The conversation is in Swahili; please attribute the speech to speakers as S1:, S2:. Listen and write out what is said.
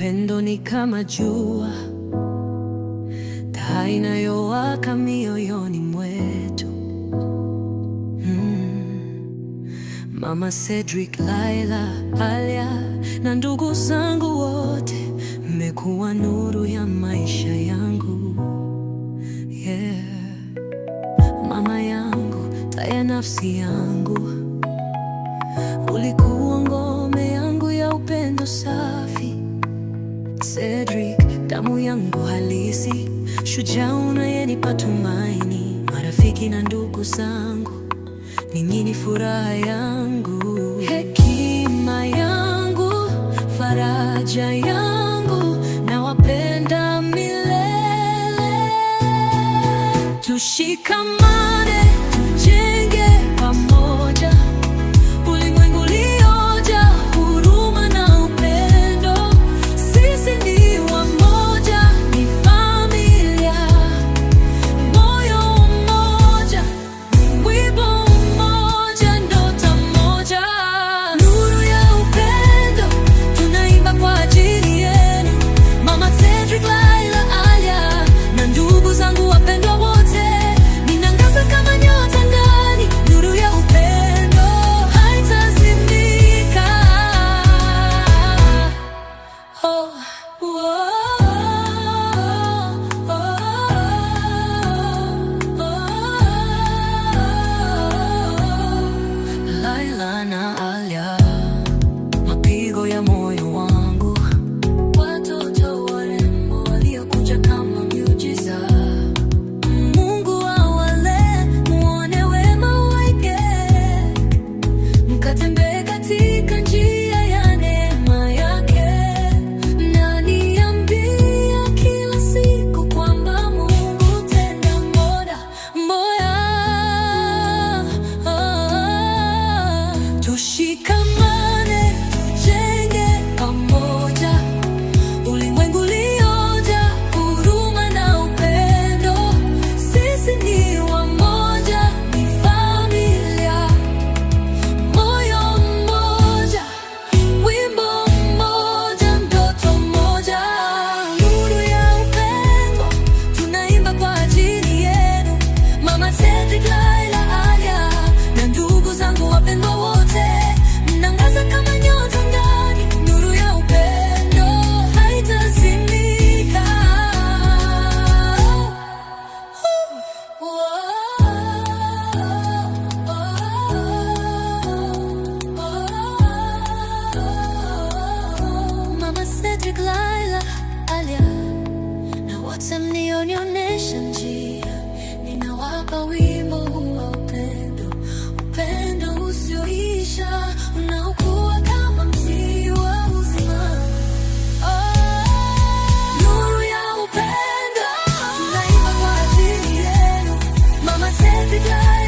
S1: Upendo ni kama jua, taa inayowaka mioyoni mwetu. Hmm. Mama Cedric, Laila, Alia na ndugu zangu wote, mmekuwa nuru ya maisha yangu. Yeah. Mama yangu, taa ya nafsi yangu, ulikuwa Cedric, damu yangu halisi, shujaa unayenipa tumaini, marafiki na ndugu zangu, ninyi ni furaha yangu, hekima yangu, faraja yangu, nawapenda milele. Tushikam the glow. the glass.